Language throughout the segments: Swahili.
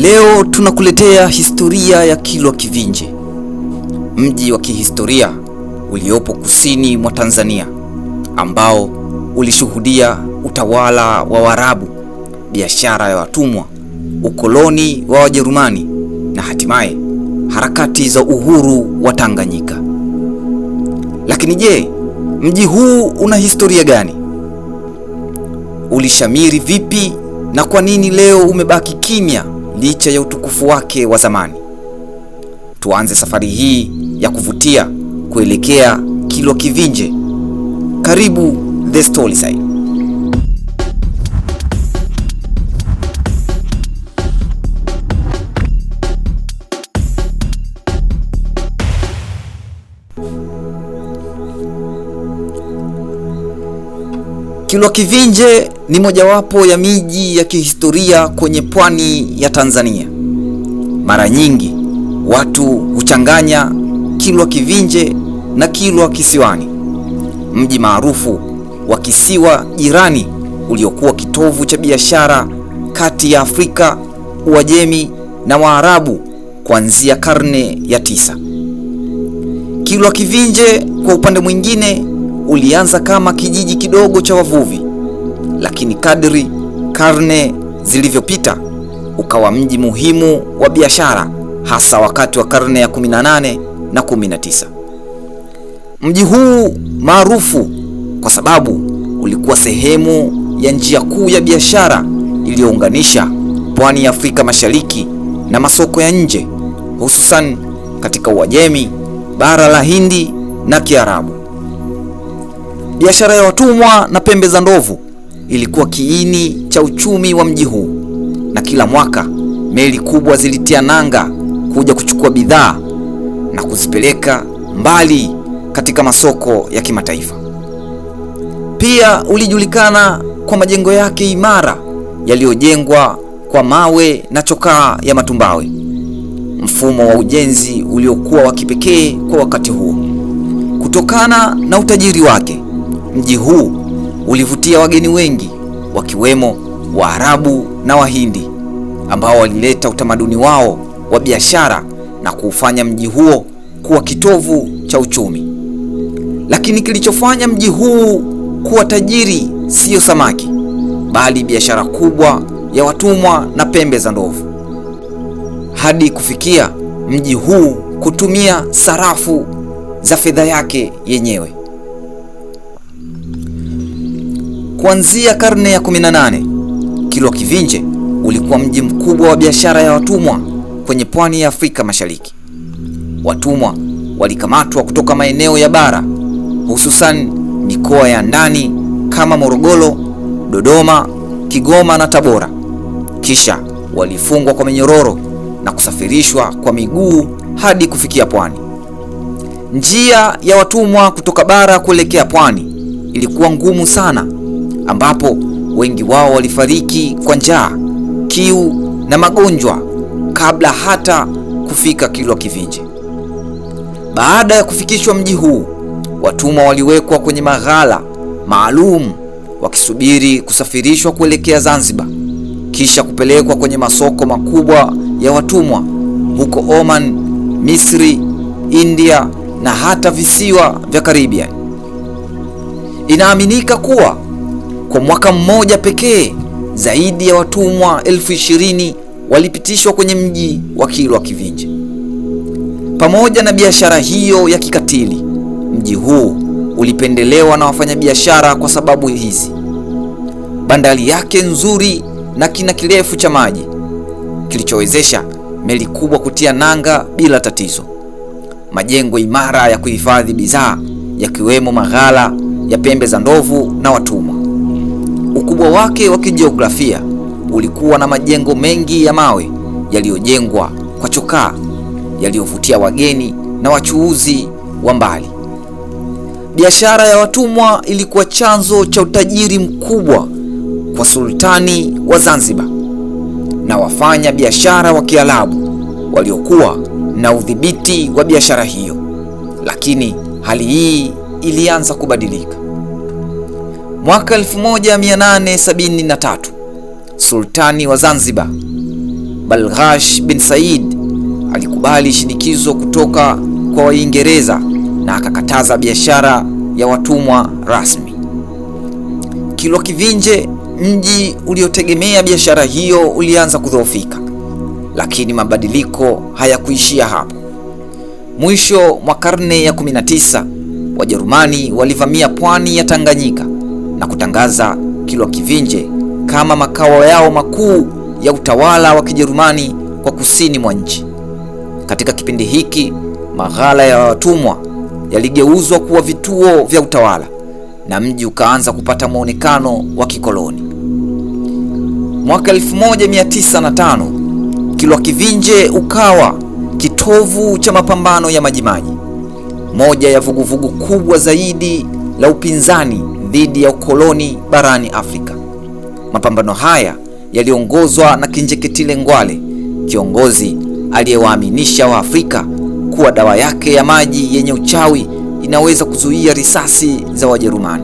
Leo tunakuletea historia ya Kilwa Kivinje, mji wa kihistoria uliopo kusini mwa Tanzania ambao ulishuhudia utawala wa Waarabu, biashara ya watumwa, ukoloni wa Wajerumani na hatimaye harakati za uhuru wa Tanganyika. Lakini je, mji huu una historia gani? Ulishamiri vipi na kwa nini leo umebaki kimya? licha ya utukufu wake wa zamani. Tuanze safari hii ya kuvutia kuelekea Kilwa Kivinje. Karibu The Story Side. Kilwa Kivinje ni mojawapo ya miji ya kihistoria kwenye pwani ya Tanzania. Mara nyingi watu huchanganya Kilwa Kivinje na Kilwa Kisiwani, mji maarufu wa kisiwa jirani uliokuwa kitovu cha biashara kati ya Afrika, Uajemi na Waarabu kuanzia karne ya tisa. Kilwa Kivinje kwa upande mwingine ulianza kama kijiji kidogo cha wavuvi, lakini kadri karne zilivyopita ukawa mji muhimu wa biashara, hasa wakati wa karne ya 18 na 19. Mji huu maarufu kwa sababu ulikuwa sehemu ya njia kuu ya biashara iliyounganisha pwani ya Afrika Mashariki na masoko ya nje, hususan katika Uajemi, bara la Hindi na Kiarabu. Biashara ya watumwa na pembe za ndovu ilikuwa kiini cha uchumi wa mji huu, na kila mwaka meli kubwa zilitia nanga kuja kuchukua bidhaa na kuzipeleka mbali katika masoko ya kimataifa. Pia ulijulikana kwa majengo yake imara yaliyojengwa kwa mawe na chokaa ya matumbawe, mfumo wa ujenzi uliokuwa wa kipekee kwa wakati huo. Kutokana na utajiri wake, Mji huu ulivutia wageni wengi wakiwemo Waarabu na Wahindi ambao walileta utamaduni wao wa biashara na kuufanya mji huo kuwa kitovu cha uchumi. Lakini kilichofanya mji huu kuwa tajiri siyo samaki, bali biashara kubwa ya watumwa na pembe za ndovu, hadi kufikia mji huu kutumia sarafu za fedha yake yenyewe. Kuanzia karne ya 18 Kilwa Kivinje ulikuwa mji mkubwa wa biashara ya watumwa kwenye pwani ya Afrika Mashariki. Watumwa walikamatwa kutoka maeneo ya bara, hususan mikoa ya ndani kama Morogoro, Dodoma, Kigoma na Tabora, kisha walifungwa kwa minyororo na kusafirishwa kwa miguu hadi kufikia pwani. Njia ya watumwa kutoka bara kuelekea pwani ilikuwa ngumu sana ambapo wengi wao walifariki kwa njaa, kiu na magonjwa kabla hata kufika Kilwa Kivinje. Baada ya kufikishwa mji huu, watumwa waliwekwa kwenye maghala maalum wakisubiri kusafirishwa kuelekea Zanzibar, kisha kupelekwa kwenye masoko makubwa ya watumwa huko Oman, Misri, India na hata visiwa vya Caribbean. Inaaminika kuwa kwa mwaka mmoja pekee, zaidi ya watumwa elfu ishirini walipitishwa kwenye mji wa Kilwa Kivinje. Pamoja na biashara hiyo ya kikatili, mji huu ulipendelewa na wafanyabiashara kwa sababu hizi: bandari yake nzuri na kina kirefu cha maji kilichowezesha meli kubwa kutia nanga bila tatizo, majengo imara ya kuhifadhi bidhaa yakiwemo maghala ya pembe za ndovu na watumwa ukubwa wake wa kijiografia ulikuwa na majengo mengi ya mawe yaliyojengwa kwa chokaa yaliyovutia wageni na wachuuzi wa mbali. Biashara ya watumwa ilikuwa chanzo cha utajiri mkubwa kwa sultani wa Zanzibar na wafanya biashara wa Kiarabu waliokuwa na udhibiti wa biashara hiyo, lakini hali hii ilianza kubadilika. Mwaka 1873 sultani wa Zanzibar Balghash bin Said alikubali shinikizo kutoka kwa Waingereza na akakataza biashara ya watumwa rasmi. Kilwa Kivinje, mji uliotegemea biashara hiyo, ulianza kudhoofika, lakini mabadiliko hayakuishia hapo. Mwisho mwa karne ya 19 Wajerumani walivamia pwani ya Tanganyika na kutangaza Kilwa Kivinje kama makao yao makuu ya utawala wa Kijerumani kwa kusini mwa nchi. Katika kipindi hiki, maghala ya watumwa yaligeuzwa kuwa vituo vya utawala na mji ukaanza kupata mwonekano wa kikoloni. Mwaka 1905 Kilwa Kivinje ukawa kitovu cha mapambano ya Majimaji, moja ya vuguvugu kubwa zaidi la upinzani dhidi ya ukoloni barani Afrika. Mapambano haya yaliongozwa na Kinjeketile Ngwale, kiongozi aliyewaaminisha Waafrika kuwa dawa yake ya maji yenye uchawi inaweza kuzuia risasi za Wajerumani.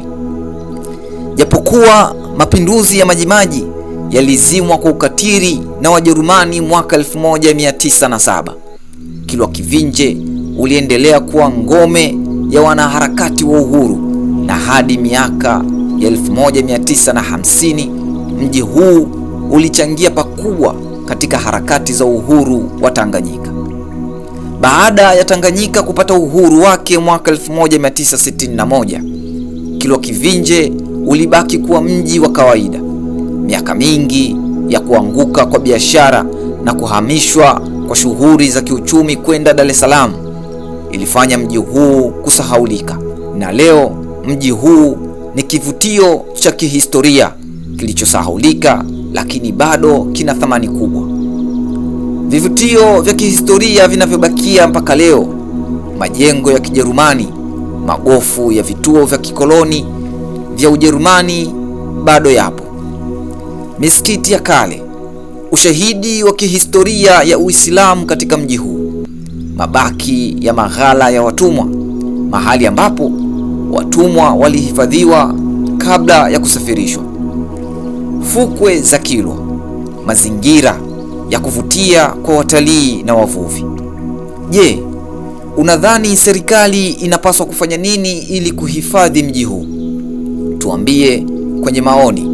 Japokuwa mapinduzi ya Majimaji yalizimwa kwa ukatili na Wajerumani mwaka 1907, Kilwa Kivinje uliendelea kuwa ngome ya wanaharakati wa uhuru na hadi miaka 1950 mji huu ulichangia pakubwa katika harakati za uhuru wa Tanganyika. Baada ya Tanganyika kupata uhuru wake mwaka 1961, Kilwa Kivinje ulibaki kuwa mji wa kawaida. Miaka mingi ya kuanguka kwa biashara na kuhamishwa kwa shughuli za kiuchumi kwenda Dar es Salaam ilifanya mji huu kusahaulika, na leo mji huu ni kivutio cha kihistoria kilichosahulika lakini bado kina thamani kubwa. Vivutio vya kihistoria vinavyobakia mpaka leo: majengo ya Kijerumani, magofu ya vituo vya kikoloni vya Ujerumani bado yapo, misikiti ya kale, ushahidi wa kihistoria ya Uislamu katika mji huu, mabaki ya maghala ya watumwa, mahali ambapo watumwa walihifadhiwa kabla ya kusafirishwa. Fukwe za Kilwa, mazingira ya kuvutia kwa watalii na wavuvi. Je, unadhani serikali inapaswa kufanya nini ili kuhifadhi mji huu? Tuambie kwenye maoni.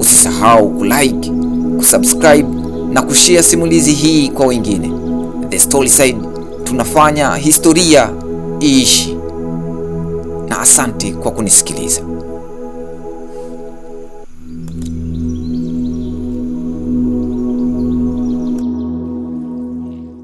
Usisahau kulike, kusubscribe na kushare simulizi hii kwa wengine. The Side, tunafanya historia iishi na asante kwa kunisikiliza.